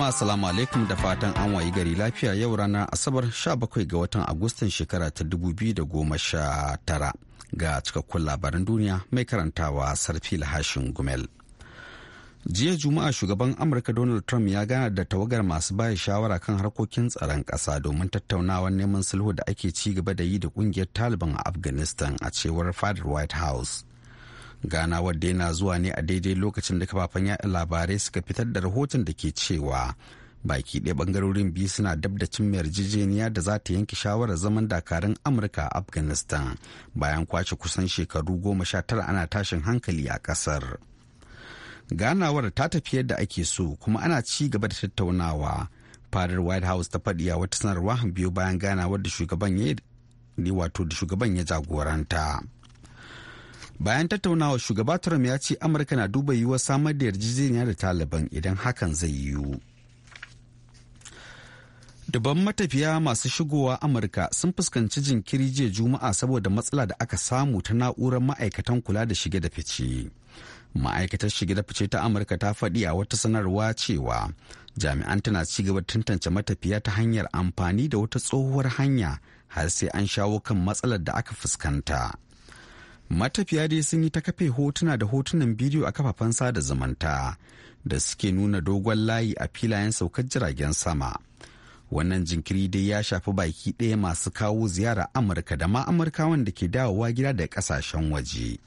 Jama'a salamu alaikum da fatan an wayi gari lafiya yau ranar Asabar 17 ga watan Agustan shekara ta 2019 ga cikakkun labaran duniya mai karantawa Sarfi Lahashin Gumel. Jiya Juma'a shugaban Amurka Donald Trump ya gana da tawagar masu baya shawara kan harkokin tsaron ƙasa domin tattaunawar neman sulhu da ake ci gaba da yi da kungiyar Taliban a Afghanistan a cewar fadar White House. Gana wadda yana zuwa ne a daidai lokacin da kafafen yaɗa labarai suka fitar da rahoton da ke cewa baki ɗaya ɓangarorin biyu suna dab da cin yarjejeniya da za ta yanke shawarar zaman dakarun amurka a afghanistan bayan kwace kusan shekaru goma sha tara ana tashin hankali a ƙasar ganawar ta tafi yadda ake so kuma ana ci gaba da tattaunawa fadar white house ta faɗi a wata sanarwa biyu bayan ganawar da shugaban wato da shugaban ya jagoranta bayan tattaunawa shugaba trump ya ce amurka na duba yiwuwar samar da yarjejeniya da taliban idan hakan zai yiwu dubban matafiya masu shigowa Amurka sun fuskanci jinkiri jiya Juma'a saboda matsala da aka samu ta na'urar ma'aikatan kula da shige da fice. Ma'aikatar shige da fice ta Amurka ta faɗi a wata sanarwa cewa jami'an tana ci gaba tantance matafiya ta hanyar amfani da wata tsohuwar hanya har sai an shawo kan matsalar da aka fuskanta. matafiya dai sun yi ta kafe hotuna da hotunan bidiyo a kafafen sada zumunta da suke nuna dogon layi a filayen saukar jiragen sama wannan jinkiri dai ya shafi baki ɗaya masu kawo ziyara amurka da ma amurkawan da ke dawowa gida da ƙasashen waje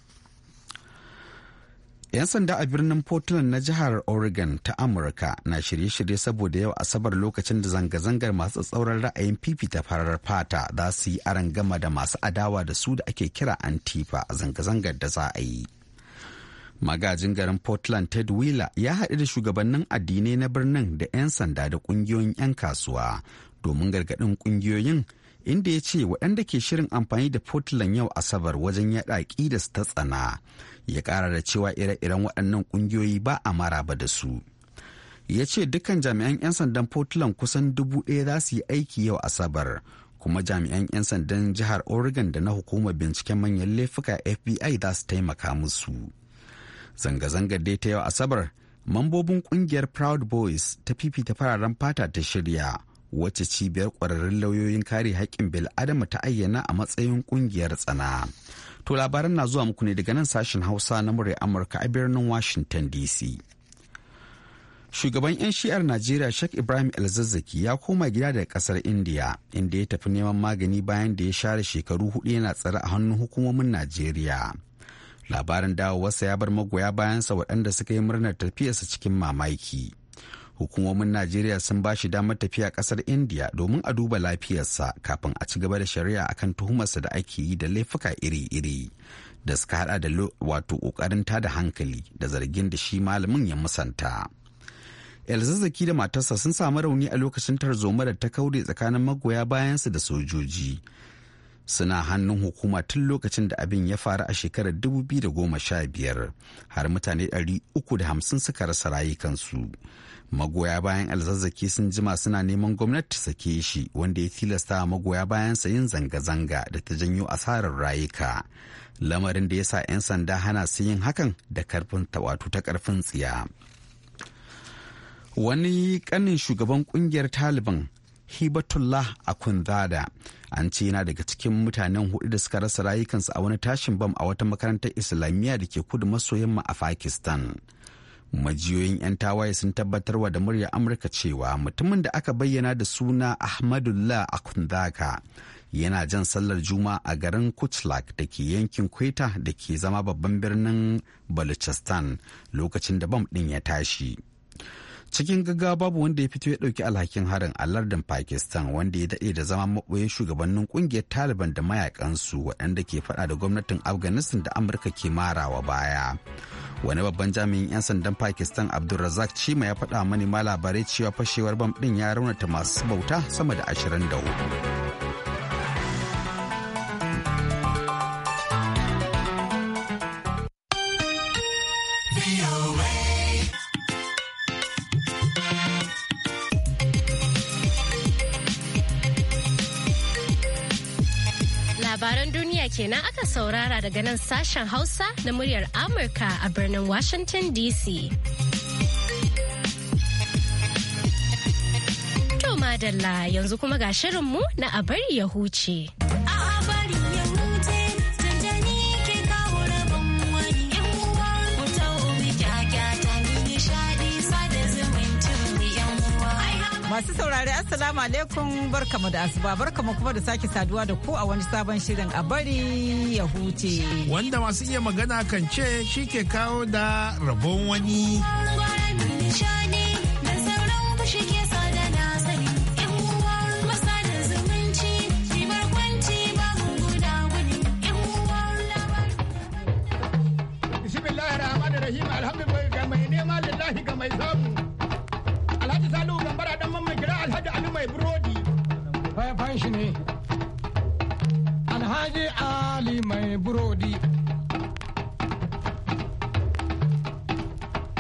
'Yan sanda a birnin Portland na jihar Oregon ta Amurka na shirye-shirye saboda yau Asabar lokacin da zanga-zangar masu tsauran ra'ayin fifita farar fata za su yi gama da masu adawa da su da ake kira Antifa a zanga-zangar da za a yi. Magajin garin Portland Ted Wheeler ya haɗu da shugabannin addinai na birnin da 'yan sanda da ƙungiyoyin 'yan kasuwa domin gargaɗin ƙungiyoyin inda ya ce waɗanda ke shirin amfani da Portland yau Asabar wajen yaɗa ƙidas ta tsana. ya kara da cewa ire-iren waɗannan ƙungiyoyi ba a maraba da su ya ce dukkan jami'an 'yan sandan portland kusan dubu ɗaya za su yi aiki yau asabar kuma jami'an 'yan sandan jihar oregon da na hukumar binciken manyan laifuka fbi za su taimaka musu zanga zanga dai ta yau asabar mambobin ƙungiyar proud boys ta fifita fararen fata ta shirya wacce cibiyar ƙwararrun lauyoyin kare haƙƙin bil'adama ta ayyana a matsayin ƙungiyar tsana To labaran na zuwa muku ne daga nan sashen Hausa na murya Amurka a birnin Washington DC. Shugaban 'yan shi'ar Najeriya Sheikh Ibrahim Elzazzaki ya koma gida daga kasar India inda ya tafi neman magani bayan da ya share shekaru hudu yana tsare a hannun hukumomin Najeriya. Labarin dawowarsa ya bar magoya bayansa waɗanda suka yi murnar tafiyarsa cikin mamaki. hukumomin najeriya sun ba shi damar tafiya kasar india domin a duba lafiyarsa kafin a ci gaba da shari'a akan tuhumarsa da ake yi da laifuka iri-iri da suka hada da wato kokarin tada hankali da zargin da shi malamin ya musanta elzazzaki da matarsa sun samu rauni a lokacin tarzoma da ta kaure tsakanin magoya bayansu da sojoji suna hannun hukuma tun lokacin da abin ya faru a shekarar 2015 har mutane 350 suka rasa rayukansu magoya bayan alzazzaki sun jima suna neman gwamnati sake shi wanda ya tilasta magoya sa yin zanga-zanga da ta janyo asarar rayuka lamarin da ya sa 'yan sanda hana su yin hakan da karfin ta'watu ta karfin tsiya wani kanin shugaban kungiyar taliban hibatullah akunzada an ce yana daga cikin mutanen hudu da suka rasa rayukansu a wani tashin bam a wata makarantar islamiyya da ke kudu maso yamma a pakistan majiyoyin 'yan tawaye sun tabbatar wa da murya amurka cewa mutumin da aka bayyana da suna ahmadullah akunzaka yana jan sallar juma a garin kuchlak da ke yankin kweta da ke zama babban birnin baluchistan lokacin da bam ɗin ya tashi cikin gaggawa babu wanda ya fito ya ɗauki alhakin harin a lardin pakistan wanda ya daɗe da zama maɓoye shugabannin ƙungiyar taliban da mayakansu waɗanda ke faɗa da gwamnatin afghanistan da amurka ke marawa baya wani babban jami'in 'yan sandan pakistan abdulrazak chima ya faɗa ma labarai cewa fashewar bam ɗin ya raunata masu bauta sama da ashirin da hudu. kenan aka saurara daga nan sashen Hausa na muryar Amurka a birnin Washington DC. To madalla yanzu kuma ga shirinmu na a bari ya huce. Masu saurari Assalamu alaikum barkamu da asuba barkamu kuma da sake saduwa da ku a wani sabon shirin a bari ya huce. Wanda masu iya magana kan ce shi ke kawo da rabon wani. Bismillahirrahmanirrahim alhamdulillah ga mai nema lillahi ga mai sunan shi ne alhaji ali mai burodi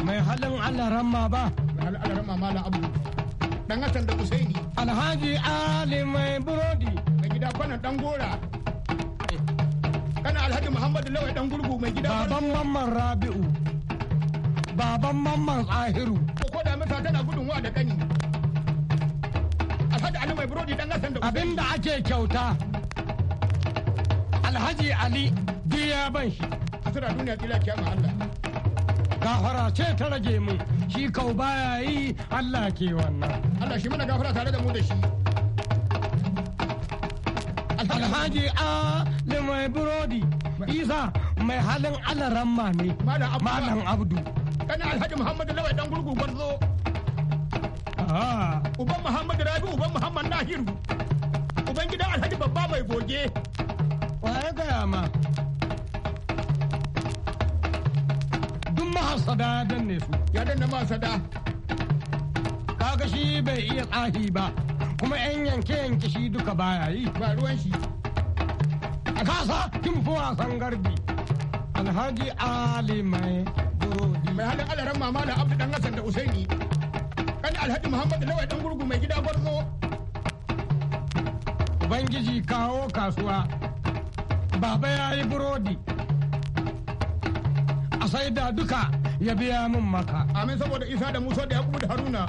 mai halin allah ba mai halin abu dan da usaini alhaji ali mai burodi mai gida kwanan dan gora kana alhaji muhammadu lawai dan gurgu mai gida baban mamman rabi'u baban mamman tsahiru ko da tana gudun da kani fa da Ali mai burodi dan gasan da abin ake kyauta Alhaji Ali duk ya ban shi a tura duniya kila ma Allah gafara ce ta rage mu shi kau baya yi Allah ke wannan Allah shi mana gafara tare da mu da shi Alhaji a Ali mai burodi Isa mai halin alaramma ne Malam Abdu kana Alhaji Muhammadu Lawai dan gurgu gwarzo Ah, Uban Muhammad Rabi Uban Muhammad Nahiru. Uban gidan Alhaji babba mai goge. Waye gaya ma. Dun mahasada ya danne su. Ya danne mahasada. Kaga shi bai iya tsahi ba. Kuma 'yan yanke-yanke shi duka baya yi. Ba ruwan shi. A kasa kin fi wasan garbi. Alhaji Ali mai burodi. Mai halin alaran mama da Abdu dan Hassan da Usaini. alhaji muhammadu lawai dan gurgu mai gida gwarzo ubangiji kawo kasuwa baba ya yi burodi a saida duka ya biya min maka amin saboda isa da musa da yakubu da haruna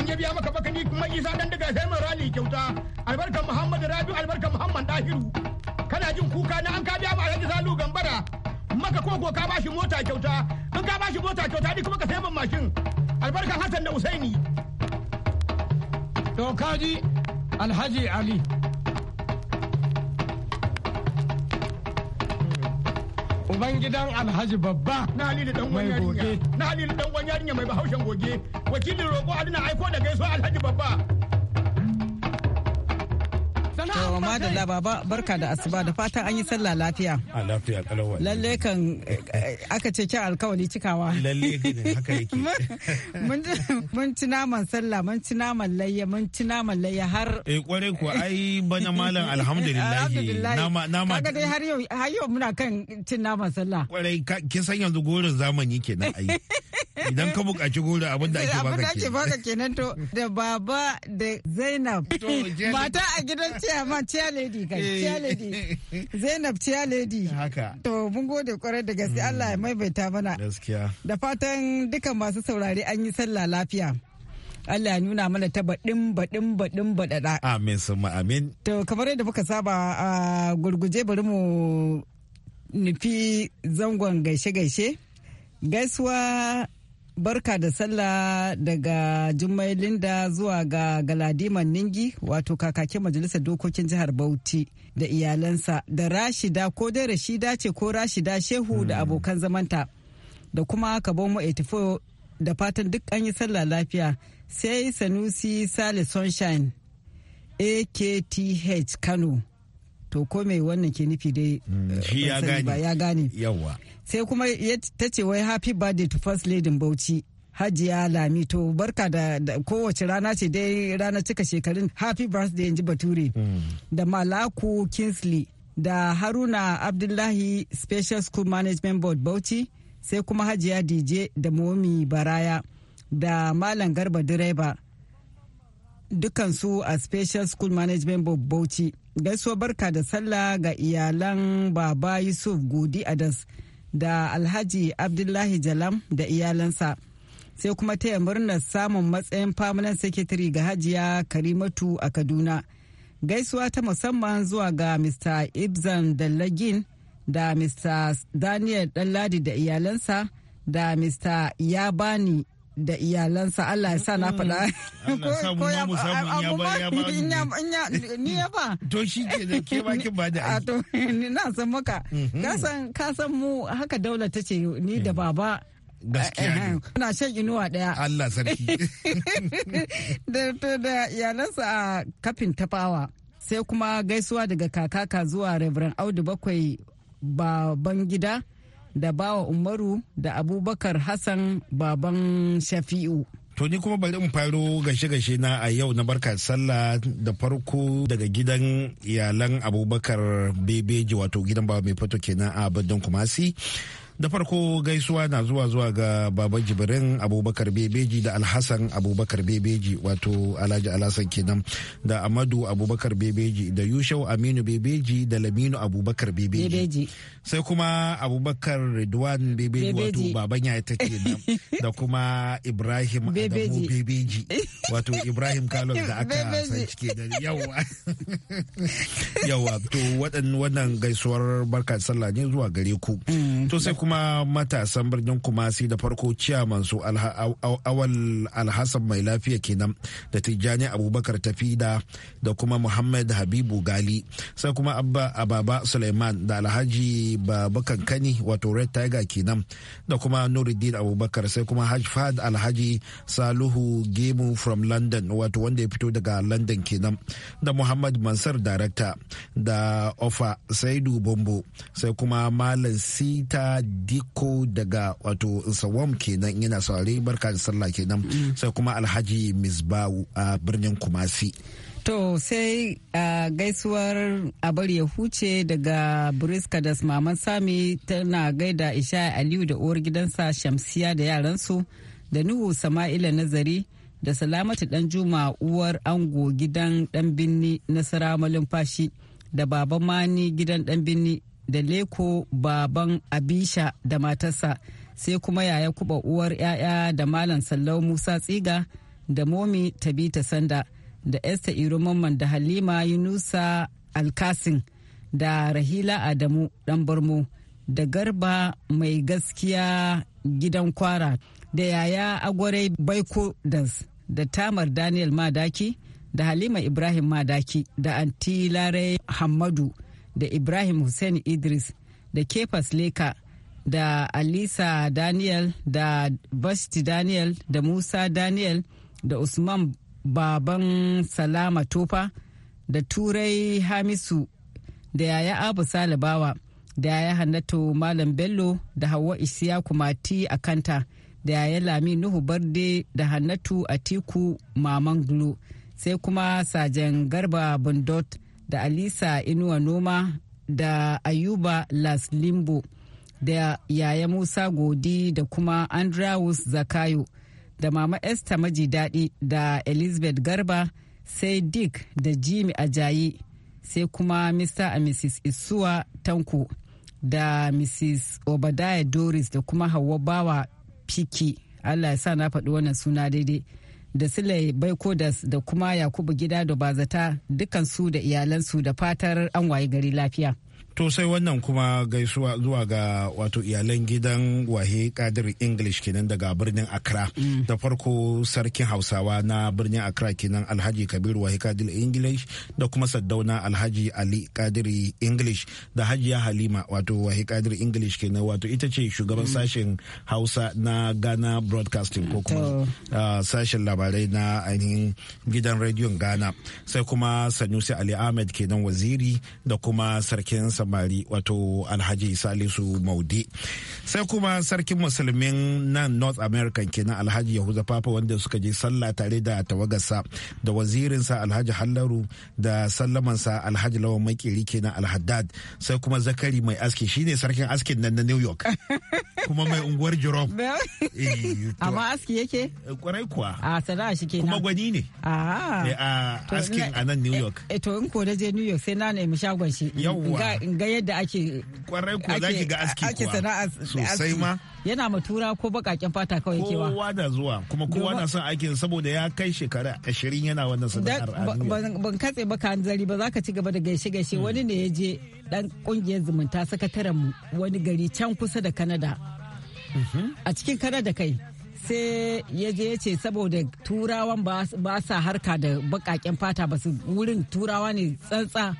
in ya biya maka baka ni kuma isa dan daga sai mai rali kyauta albarkan muhammadu rabiu albarkan Muhammadu dahiru kana jin kuka na an ka biya ma alhaji salu gambara maka koko ka bashi mota kyauta in ka bashi mota kyauta ni kuma ka sai min mashin albarkar hassan da usaini to kaji alhaji ali Ubangidan Alhaji Babba mai yarinya Na Halilu ɗan yarinya mai bahaushen goge. Wakilin roƙo aduna aiko da gaiso Alhaji Babba. To madalla baba barka da asuba da fatan an yi sallah lafiya. A lafiya kalawa. Lalle kan eh, aka ce kyan alkawari cikawa. Lalle haka yake. Mun ci naman sallah mun ci naman layya mun ci naman layya har. Eh kware ku ai bana malam alhamdulillah. Nama nama. Kaga dai har yau muna kan cin naman sallah. Kwarai kin san yanzu gorin zamani kenan ai. Idan ka buƙaci goro abin da ake baka ke Abin da ake baka kenan to da baba da Zainab. Mata a gidan ciyama ciya lady kai eh. ciya lady. Zainab ciya lady. Haka. To mun gode kwarai da gaske Allah ya mm. maimaita mana. Gaskiya. Da fatan dukan masu saurari an yi sallah lafiya. Allah ya nuna mana ta baɗin baɗin baɗin baɗaɗa. Amin summa amin. To kamar yadda muka saba a gurguje bari mu nufi zangon gaishe-gaishe. Gaisuwa barka da sallah daga jummai linda zuwa ga galadiman ningi wato kakakin majalisar dokokin jihar bauchi da iyalansa da rashida ko dai rashida ce ko rashida shehu da hmm. abokan zamanta da kuma kabon 84 da fatan duk an yi sallah lafiya sai sanusi sale sunshine akth kano to ko me wannan ke nufi dai hmm, eh, shi ya gane ya gane yawa sai kuma ta ce wai happy birthday to first lady Bauchi Hajiya Lami to barka da, kowace rana ce dai rana cika shekarun happy birthday in ji Bature hmm. da Malaku Kingsley da Haruna Abdullahi Special School Management Board Bauchi sai kuma Hajiya DJ da Momi Baraya da Malam Garba Direba dukansu a special school management bob bauchi gaisuwa barka da sallah ga iyalan baba yusuf godi adas da alhaji abdullahi jalam da iyalansa sai kuma taya murnar samun matsayin permanent secretary ga hajiya karimatu a kaduna gaisuwa ta musamman zuwa ga mr ibzan dallagin da mr daniel dalladi da iyalansa da mr yabani da iyalansa Allah ya sa na faɗa. ko samu mu samu ya ba ya ba. Ni ya ba. To shi ke da ke ba kin ba da To ni na san maka. Mm-hmm. Ka san mu haka daula ta ce ni da mm. baba. gaskiya ne kuna shan inuwa daya Allah sarki da to da iyalansa a kafin tafawa sai kuma gaisuwa daga kakaka zuwa Reverend Audu bakwai baban gida da bawa umaru da abubakar hassan baban shafi'u To ni kuma bari in faro gashe-gashe na a yau na barka sallah da farko daga gidan iyalan abubakar bebeji wato gidan bawa mai fato kenan a birnin kumasi da farko gaisuwa na zuwa zuwa ga baba jibirin abubakar bebeji da alhassan abubakar bebeji wato alhaji alhassan kenan da amadu abubakar bebeji da yushau aminu bebeji da laminu abubakar bebeji sai kuma abubakar Redwan bebeji wato baban ya ta kenan da kuma ibrahim adamu bebeji wato ibrahim kalon da aka san cike da yawa yawa to waɗannan gaisuwar barka sallah ne zuwa gare ku mm. to sai kuma kuma matasan birnin kumasi da farko ciyaman su awal alhassan mai lafiya kenan da tijjani abubakar tafida da kuma muhammad habibu gali sai kuma abba ababa suleiman da alhaji babakan kani wato red tiger kenan da kuma nuruddin abubakar sai kuma hajfad alhaji saluhu gemu from london wato wanda ya fito daga london kenan da muhammad mansar director da ofa saidu bombo sai kuma malam sita diko daga wato sawam kenan yana saurari barka da sallah kenan mm. sai kuma alhaji misbahu a birnin kumasi To sai uh, gaisuwar abar ya huce daga Briska da Maman Sami tana gaida Isha Aliyu da uwar gidansa Shamsiya da yaransu da Nuhu Sama'ila Nazari da Salamatu juma uwar ango gidan dan binni Nasara Malumfashi da Baba Mani gidan dan binni da leko baban abisha da matarsa sai kuma yaya kuɓa uwar 'ya'ya da malam sallau musa tsiga da momi tabita sanda da esther irumanman da halima yunusa alkasin da rahila adamu dan barmo da garba mai gaskiya gidan kwara da yaya agwarai baiko das da tamar daniel madaki da halima ibrahim madaki da anti larai hamadu da Ibrahim Hussein Idris da Kefas Leka da Alisa Daniel da Basti Daniel da Musa Daniel da Usman Baban Salama Tofa da Turai Hamisu da Yaya Abu Salibawa da Yaya Hannatu Malam Bello da Hauwa Isiya Kumati a kanta da Yaya Lami Nuhu Barde da Hannatu Atiku Maman Glo sai kuma sajen Garba Bundot da alisa inuwa noma da ayuba las limbo da yaya musa godi da kuma andrews zakayo da mama esther maji daɗi da elizabeth garba sai dick da jimmy ajayi sai kuma mr and mrs isuwa tanko da mrs obadiah doris da kuma hawa bawa piki allah ya sa na faɗi wannan suna daidai da Sule Baikodas da kuma Yakubu Gida da Bazata dukansu da iyalansu da fatar an wayi gari lafiya. To sai wannan kuma gaisuwa zuwa ga wato iyalan gidan wahe kadir English kenan daga birnin Accra. Mm. Da farko sarkin Hausawa na birnin Accra kenan Alhaji Kabiru wahe kadir English da kuma Saddauna Alhaji Ali Kadiri English da Hajiya Halima wato wahe kadir English kenan wato ita ce shugaban mm. sashen Hausa na Ghana Broadcasting ko kuma sashen labarai na ainihin gidan rediyon Ghana. Sai kuma Sanusi Ali Ahmed kenan waziri da kuma sarkin samari wato alhaji salisu maudi sai kuma sarkin musulmin nan north american kenan alhaji yahuza papa wanda suka je sallah tare da tawagarsa da wazirinsa alhaji hallaru da sallamansa alhaji lawan makiri kenan alhaddad sai kuma zakari mai aski shine sarkin askin nan na new york kuma mai unguwar Jirop. Eh, Amma aski yake? Eh, kwarai kuwa. A ah, sana shi ke Kuma gwani ne. Eh, a askin a nan New York. E to in ko da je New York sai na nemi shagon shi. Yawwa. In ga yadda ake. Kwarai kuwa za ki ga aski kuwa. Ake Sosai ma. yana matura ko bakaken fata kawai kewa kowa na zuwa kuma kowa na son aikin saboda ya kai shekara ashirin yana wannan sana'ar ban katse ba zari ba za ka ci gaba da gaishe gaishe hmm. wani ne ya je dan kungiyar zumunta sakataren mu wani gari can kusa da kanada mhm. a cikin kanada kai sai ya je ya ce saboda turawan ba sa harka da bakaken fata ba su wurin turawa ne tsantsa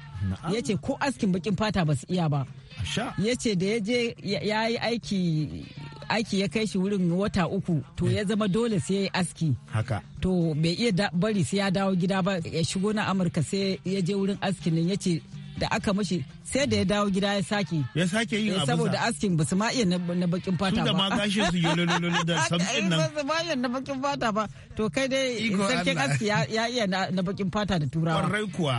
ya ce ko askin bakin fata ba su iya ba ya ce da ya je ya yi aiki aiki ya kai shi wurin wata uku to ya eh. zama dole sai ya yi aski haka to bai iya bari sai ya dawo gida ba ya shigo na amurka sai ya je wurin askin nan ya ce da aka mashi sai da ya dawo gida ya sake ya sake yin eh, abuza saboda askin basu ma iya na bakin fata ba tunda ma gashin su yolololo da samsin eh, nan basu ma iya na bakin fata ba to kai dai sarkin aski ya iya na bakin fata da turawa kwarai kuwa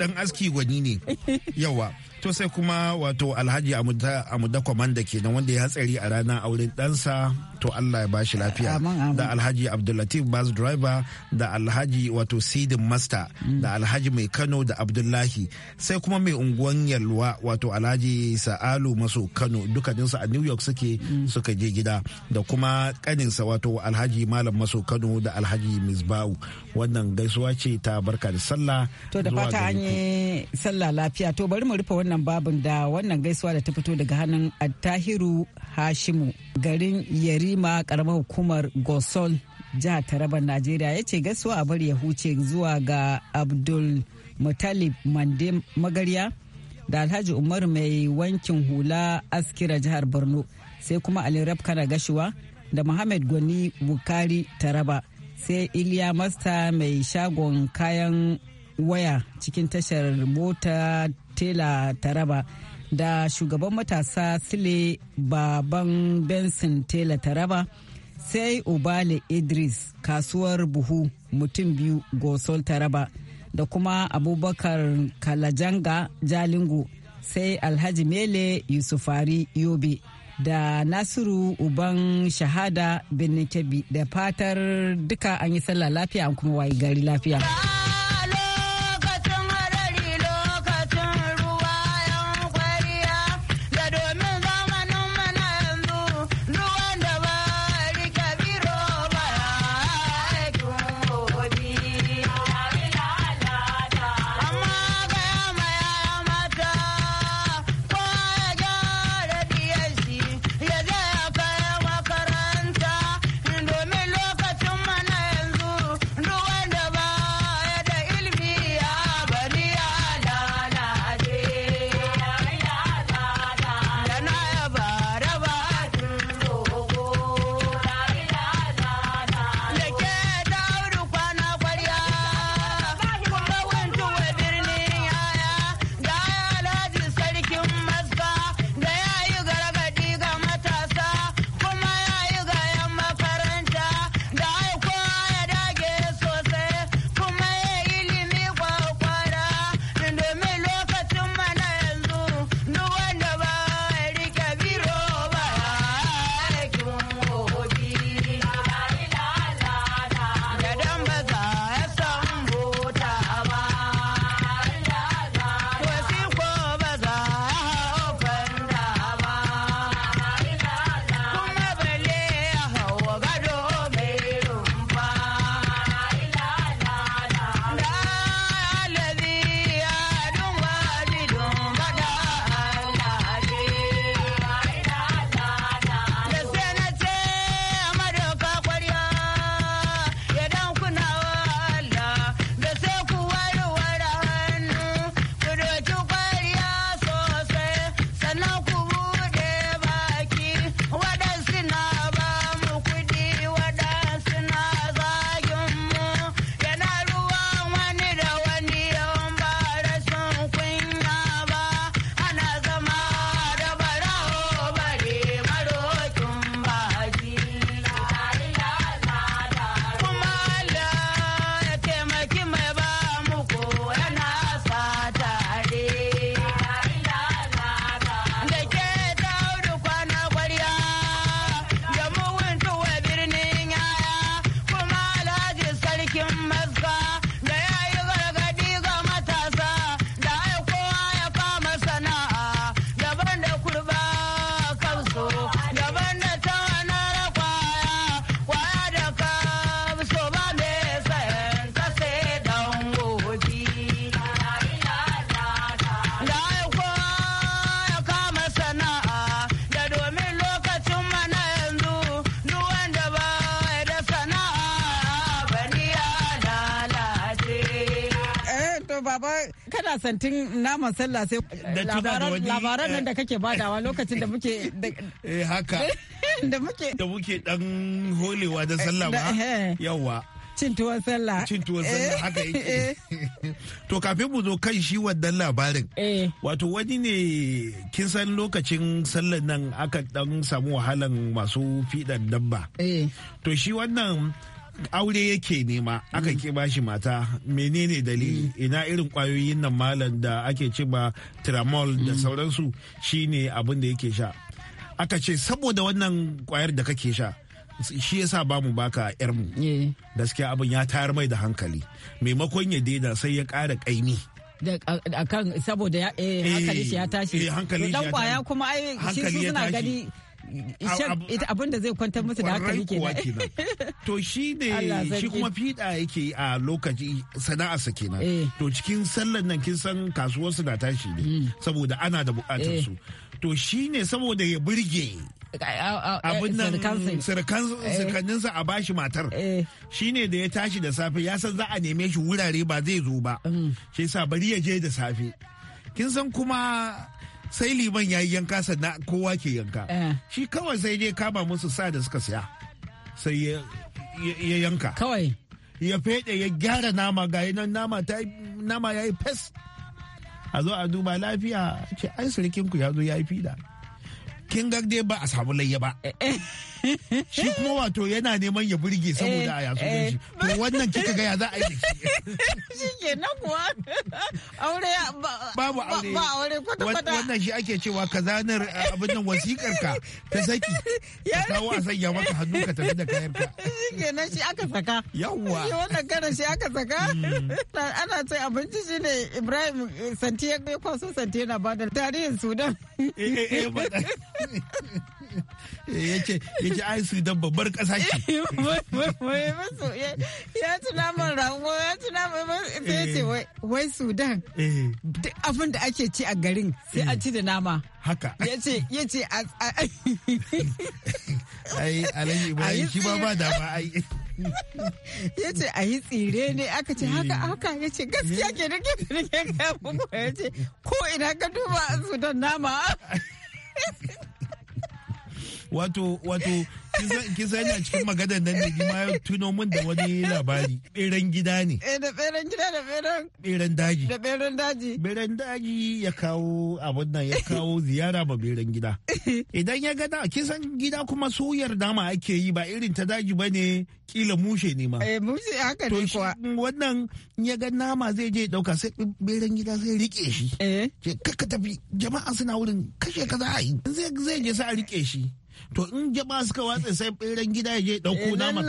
dan aski gwani ne yawa to sai kuma wato alhaji da ke nan wanda ya hatsari a ranar auren ɗansa wato Allah ya bashi lafiya da Alhaji Abdullatif bus driver da Alhaji wato Sidin master mm. da Alhaji mai Kano da Abdullahi sai kuma mai unguwan Yalwa wato Alhaji Sa'alu maso Kano dukkaninsu a New York suke mm. suka je gida da kuma kaninsa wato Alhaji Malam maso Kano da Alhaji Misbau wannan gaisuwa ce ta barka da sallah to da fata an yi sallah lafiya to bari mu rufe wannan babin da wannan gaisuwa da ta fito daga hannun Attahiru Hashimu garin Yari Halima karamar hukumar gosol jihar taraba najeriya ya ce gaisuwa a bari ya huce zuwa ga abdul mutalib mande magarya da alhaji umar mai wankin hula askira jihar borno sai kuma ali rabkana gashuwa da muhammad gwani bukari taraba sai iliya masta mai shagon kayan waya cikin tashar mota tela taraba da shugaban matasa sile baban benson tela taraba sai ubale idris kasuwar buhu mutum biyu gosol taraba da kuma abubakar kalajanga jalingo sai alhaji mele yusufari yobe da nasiru uban shahada benin da fatar duka an yi sallah lafiya an kuma wayi gari lafiya. baba kana santin naman sallah sai labaran nan da eh. kake badawa lokacin da muke eh haka da muke da muke dan holewa da eh, sallah ba eh. yawa cin tuwon sallah cin tuwon sallah haka yake to kafin mu zo kan shi wannan labarin wato wani ne kin san lokacin sallar nan aka dan samu wahalan masu fidan dabba to shi wannan aure yake nema aka mm. ke bashi mata menene dalili mm. ina irin kwayoyin nan malam da ake ce ba tramol da mm. sauransu shine abin da yake sha aka ce saboda wannan kwayar da kake sha shi yasa ba mu baka yarmu gaskiya abin ya tayar mai da hankali maimakon ya daina sai ya ƙara ƙaimi kan saboda eh, hankali shi ya eh, tashi dan eh, kwaya kuma ai shi suna gani abin da zai kwantar musu da haka hankali kenan to shi ne shi kuma fiɗa yake a lokaci sana'a sa kenan eh. to cikin sallan nan kin san su na tashi ne mm. saboda ana da bukatar eh. su to shi ne saboda ya burge eh, abin nan sa a bashi matar shi ne da ya tashi da safe ya san za a neme shi wurare ba zai zo ba mm. shi sa bari ya je da safe kin san kuma sai liman ya yi yanka sannan kowa ke yanka eh. shi kawai sai ne kama musu sa da suka siya sai ya yanka kawai ya fede ya gyara nama ga nan nama ya yi fes a zo a duba lafiya ce ai sirikinku ya zo ya yi fida kin ga dai ba a samu layya ba eh, eh. shi kuma wato yana neman ya burge saboda a eh, yasu eh. shi to wannan kika ga ya za a yi shi ke na kuwa aure babu aure ba aure kwata kwata wannan shi ake cewa ka zanar eh, abin nan wasikar ka ta saki ka kawo a sanya maka hannu ka tafi da kayan ka shi ke nan shi aka saka yawwa shi wannan karin shi aka saka mm. ana ce abinci shi ne Ibrahim Santi ya kwaso Santi na ba da tarihin Sudan eh eh eh Eh, yace yace ai Sudan babbar kasa ce ya tuna min rango ya tuna min yace eh. wai Sudan eh. duk abin da ake ci a garin sai an ci da nama haka yace yace ai Alhaji Ibrahim shi ba ba da ba ai ya ce a yi tsire ne aka ce haka haka ya ce gaskiya ke da ke da ya ce ko ina ka duba a sudan nama wato wato kisa yana cikin Magadan nan ne ma ya tuno mun da wani labari beren gida ne eh da beren gida da beren beren daji da beren daji beren daji ya kawo abun nan ya kawo ziyara ba beren gida idan ya gada kisan gida kuma soyar dama ake yi ba irin ta daji bane kila mushe ne ma eh mushe haka ne kuwa wannan ya ga nama zai je dauka sai beren gida sai rike shi eh kaka tafi jama'a suna wurin kashe kaza ai zai je sai a rike shi to in jaba suka watsa sai beren gida ya je dauko nama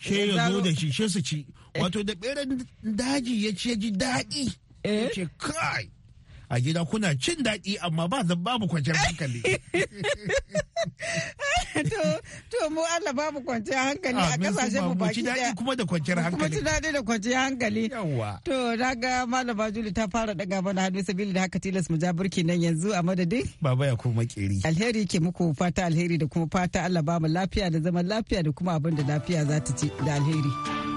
she ya zo da shi she su ci eh. wato da beren daji ya ce ji daɗi eh. ya ce kai a gida kuna cin daɗi amma ba zan babu kwanciyar hankali. To mu Allah babu kwanciyar hankali a kasashen mu baki daya. kuma da kwanciyar hankali. Kuma ci daɗi da kwanciyar hankali. Yawwa. To na ga malama Juli ta fara daga mana hannu sabili da haka tilas mu ja burki nan yanzu a madadin. Baba ya kuma kiri. Alheri ke muku fata alheri da kuma fata Allah ba mu lafiya da zaman lafiya da kuma abin da lafiya za ta ci da alheri.